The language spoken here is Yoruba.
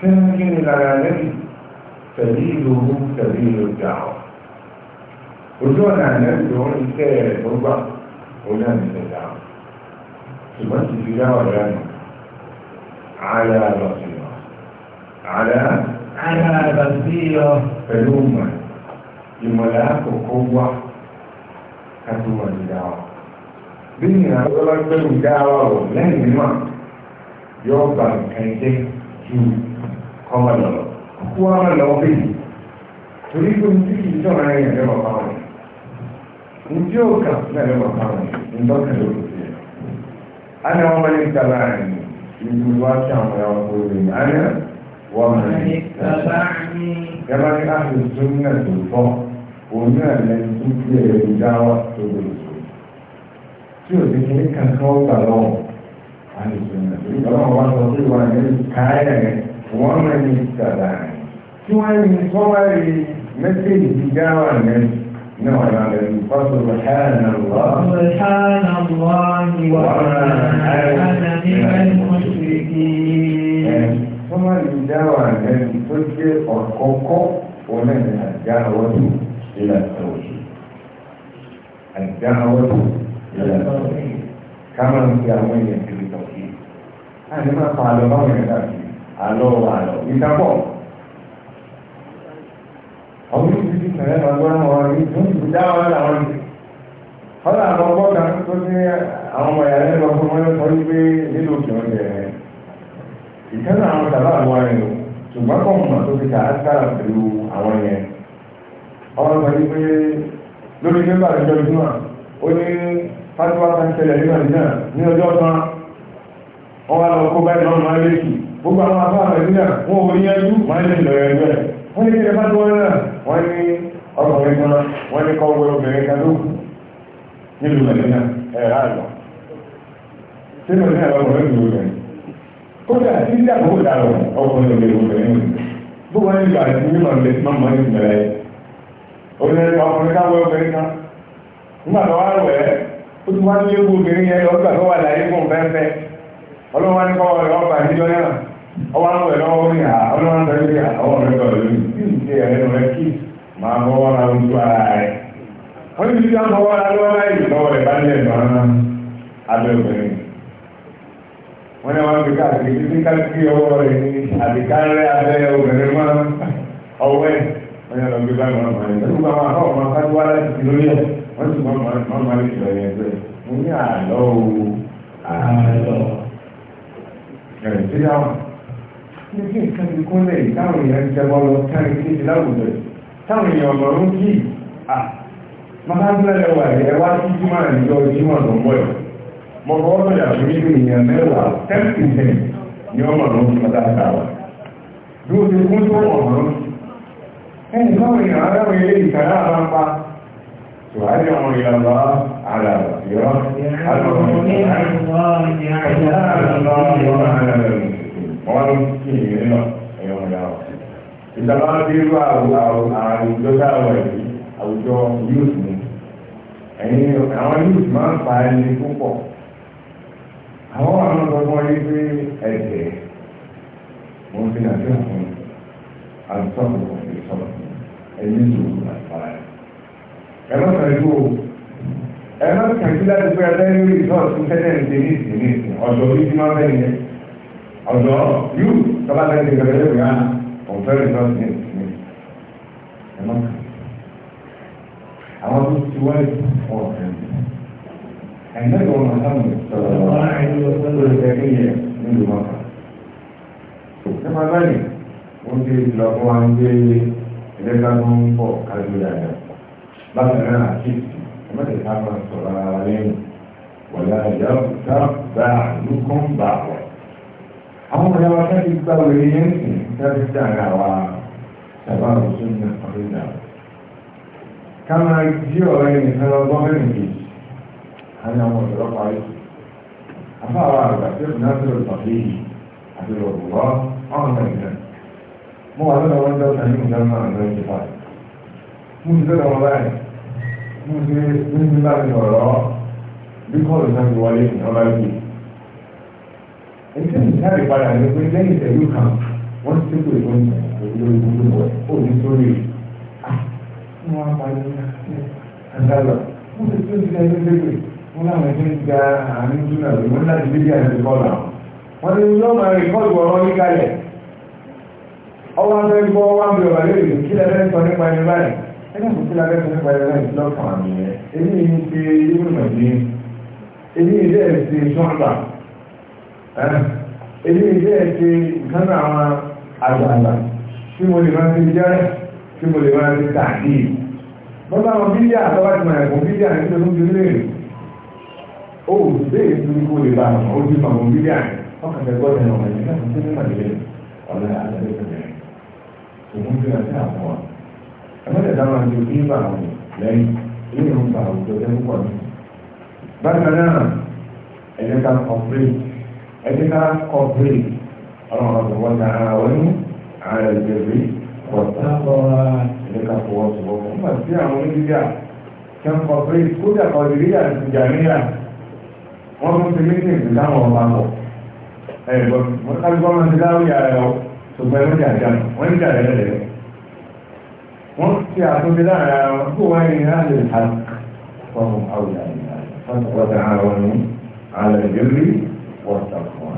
tí ń kí ni lára lẹ́yìn tẹ̀lé ìlú tẹ̀lé ìlú ìjà ọ̀ ojú ọ̀nà àlẹ́bí tó ń iṣẹ́ rẹ̀ tó gbà ó náà ní ìjà ọ̀ ṣùgbọ́n ti fi dáwọ̀ lẹ́nu ààrẹ àlọ́ sí lọ ààrẹ àlọ́ sí lọ pẹ̀lú ìmọ̀ ìmọ̀lẹ̀ àkọ́kọ́ wá kátó wọn ti dáwọ̀ bí ìrìn àwọn ọlọ́gbẹ́rù dáwọ̀ lẹ́yìn náà yóò gba nǹkan jẹ́ ju kọ́mọ lọ kú wa má lọ bẹ́ẹ̀ torí pé ní kí ìjọ náà yẹn lẹ́wọ̀ fáwọn ẹ̀ ní tí ó kà náà lẹ́wọ̀ fáwọn ẹ̀ ní dọ́kà ló lò sí ẹ̀ á ní àwọn ọmọdé ta láàrin ìlú wa tí àwọn ọmọ ẹ̀wọ̀n kò lè ní àná wọ́n mọ̀ ní ìtàlá yàrá ní àhùn tó ní ẹ̀sùn fọ́ òun náà lẹ́yìn tó kí ẹ̀rọ tó lè sọ tí ò sí kí kankan ó gbà lọ́wọ́ àhùn tó ìgbà wọn wá sọ pé wọn àyẹ̀ káyà yẹn ìṣàdá tí wọ́n rí wọ́n wá rí mẹ́sẹ̀lì ti dáwà mẹ́rin náà wà lẹ́nu fásitì ṣáàna lọ. ṣáàna lọ ni wà lẹ́nu mẹ́rin mọ́ṣẹ́lì. wọ́n wá rí dáwà mẹ́rin tó jẹ́ ọ̀kọ́kọ́ òun ẹ̀rìn àdáwọ́tò ìlànà òṣì àdáwọ́tò ìlànà òṣì ká máa ń fi àwọn èèyàn kiri tọ̀kì. láti máa pa àlọ́ báwọn ẹ̀dá kiri àlọ́ àlọ́ ìkápọ̀ ọmọ yìí ti di kẹrẹ máa gbọ́ àwọn ọmọ yìí tó ń dá wọn láwọn yìí ọ̀là àwọn ọgbọ́ kan tó ní àwọn ọmọ ìyàrá ẹ̀rọ fún wọn lọ́sọ wípé nínú òkè wọn jẹ ìkẹ́nà àwọn tàbá àwọn ẹ̀rọ ṣùgbọ́n kọ́ mọ̀ tó fi kà á sára pẹ̀lú àwọn yẹn ọmọ sọ wípé lórí nígbà ìjọ ìdúnà ó ní fásitì wa kan ṣẹlẹ̀ nínú ìdíjà ní ọjọ́ kan wọ́n wá lọ kó báyìí lọ́nà máa lé kìí gbogbo àwọn afá àmẹ́dínà wọn ò yẹjú wọ́n ní ìlọ ẹ̀rọ ẹ̀ wọ́n ní kílẹ̀ bá tó wọ́n náà wọ́n ní ọkùnrin kan wọ́n ní kọ́wọ́ obìnrin kan ló nílùú mẹ́dínà ẹ̀rọ àlọ́ tí mẹ́dínà lọ́kùnrin ló rẹ̀ kódà tí ìjà kò dà lọ ọkùnrin lè obìnrin gbogbo wọn nígbà tí mímọ̀ lè má mọ́ ní ìbẹ̀rẹ̀ obìnrin ọkùnrin kan wọ́ obìnrin kan nígbà tó wá rẹ̀ ó ti wá ní ewu obìnrin yẹn ọgbà tó wà láyé fún ọwọ́ àwọn ẹ̀rọ orí à ọlọ́run tẹ̀lé bí àwọn ọ̀rẹ́ bọ̀ lórí tí ń ṣe ẹ̀rẹ́ rẹ kí máa fọwọ́ ra ojú ara rẹ̀ wọ́n ti fi dáhùn fọwọ́ ra lọ́wọ́ láì lọ́wọ́ rẹ̀ bá ní ẹ̀dọ̀ rárá abẹ́ obìnrin wọ́n ní wọ́n fi káàkiri títí káàkiri ọwọ́ rẹ̀ ní àbíkárẹ́ abẹ́ obìnrin mọ́ ọwọ́ ẹ̀ wọ́n yà lọ gbé báyìí wọn máa ń tẹ́lú bá wọn àwọn ọmọ akádé wá láti fi lórí ẹ̀ wọ́n sì mọ́ máa máa lè sọ̀rọ̀ ní kí nǹkan ti kúnlẹ̀ táwọn èèyàn jẹmọ lọ kárí kí ti láwùjọ táwọn èèyàn ọ̀gọ̀rún kí à mọ́tàbílẹ̀ wà ẹ̀ wá sí jímọ̀ ìjọ jímọ̀ tó ń bọ̀ ẹ̀ mọ́ fọwọ́ sọ̀yà fún nínú èèyàn mẹ́wàá ten percent ni ọmọ ló ń fọdá ta wa bí ó ti kún tó ọ̀gọ̀rún ẹni táwọn èèyàn aráwọ̀ ilé ìkàrà àbápa tòwádìí ọmọ ìlànà àlà ìrọ̀ àlọ́ ìjọba dérú àwùjọ dáwà yìí àwùjọ youth ni ẹ̀yin àwọn youth máa ń fa ẹni púpọ̀ àwọn àwọn ọgbọ́n yìí pé ẹ̀jẹ̀ mo fi nàìjíríà fún àtúntò ìsọ̀rọ̀ ẹ̀yin sòrò àtàrà ẹ̀ lọ́sàn-án ìlú o ẹ̀ má kàkí láti pé ẹgbẹ́ ní rìsọ́ọ̀tù tẹ́lẹ̀ ń ṣe ní ìsìn ní ìsìn ọ̀dọ́ bíi tí wọ́n fẹ́ nìyẹn ọ̀dọ́ yóò tọ́ba tẹ́lẹ̀ ń ṣe ìgbàlódé ìgbàlódé or very not near to me. Ẹ̀mọ́ àwọn tó ti wáyé ọ̀ ẹ̀mẹ́rin ọmọ sáwọn ìṣòro ọ̀rọ̀ ẹ̀rí yẹ nílùú mọ́ta. Ṣé máa báyìí wọ́n ti lọ fún wa ń gbé ẹlẹ́gbẹ́ tó ń bọ̀ kájú dáadáa. Bákan náà àti ẹ̀mẹ́rin sábà sọ̀rọ̀ ara lẹ́yìn. Wọ̀lá ìyá òkúta bá àlùkò wọ̀ àwọn ọmọdé wa kẹ́kẹ́ gba òye yẹn sì dábí sí àga wa ṣàbá òṣùn ní ọdún ìdá ká máa jí ọ̀rọ̀ ẹni kan lọ gbọ́n mẹ́rin kejì àní àwọn ọ̀dọ́ parí àbá àwọn àgbà tí ó fi náà tó lọ sí àti òwúrọ̀ ọ̀hún ẹ̀gbẹ́ mo wà lọ́dọ̀ wọn dọ́ta ní ìdá náà lọ sí pa mo ti lọ́dọ̀ wọn báyìí mo ti ní bá mi sọ̀rọ̀ bí kọ́ọ̀lù náà ti wọlé ìjọba yìí ẹ̀sìn ìjáde padà ní pé lẹ́yìn ìtẹ̀lú kan wọ́n ti tẹ́kọ̀ọ́ ìwọ̀n ìlú ìlú òní sórí fún wọn parí àdàlọ́ wọ́n ti tún ti ẹni lébè wọ́n láwọn ẹni ń ga àárín júnà lórí wọ́n láti lébè àti bọ́ọ̀lù àwọn wọ́n ti yọ́ máa rí kọ́ọ̀lù ọ̀rọ̀ ní kalẹ̀ ọwọ́ abẹ́ gbọ́ wá ń bí ọ̀rọ̀ lébè kí lẹ́fẹ́ sọ nípa ẹni báyìí ẹni kò sí lẹ́fẹ́ sọ nípa ẹni báyìí lọ́kàn àmì ẹ̀ èyí ni ṣe yóò mọ̀ ní èyí ni ṣe ṣọ́ọ̀bà èyí ìdí ẹ̀ ṣe nǹkan náà àwọn àgbààgbà tí mo lè máa fi jẹ́ tí mo lè máa fi tàbí wọ́n bá wọn bílíà àtọ́wá ti máa ẹ̀kún bílíà ní ọdún tó lè ó bẹ́ẹ̀ tó ní kó lè bá àwọn ojú àwọn bílíà ọkàn tẹ gbọ́dọ̀ ẹ̀rọ ọ̀rẹ́ nígbà tó ní màlẹ́ ọ̀rẹ́ àtàlẹ́ ìpínlẹ̀ òun tó yà sí àwọn wa ẹgbẹ́ tẹ̀sán máa ti bí bá àwọn lẹ́yìn ilé ìrùn bá àwùjọ ẹ̀díkà kọ̀bìrì ọlọ́run ọ̀sán wọn náà ara wọn ní ààrẹ ìgbèrè kọ̀tàkọ̀ọ́ra ẹ̀díkà fọwọ́sowọ́pọ̀ nígbà tí àwọn onídìíyà kẹ́ ń kọ̀bìrì kódà kọ̀bìrìyà ti jàmíyà wọ́n tún fi mítìn sí láwọn ọba pọ̀ ẹ̀gbọ́n wọn kálukọ́ máa ti láwùyà rẹ̀ ọ ṣùgbọ́n ẹ̀rọ jà jà wọ́n ń jà lẹ́lẹ́lẹ́ wọ́n ti àtúnṣe láàrin ara wọn kó wáyé ní láti ìhà fọ́ọ̀mù àwùjá ìhà fọ́ọ̀mù ọ̀dà àwọn porta fora.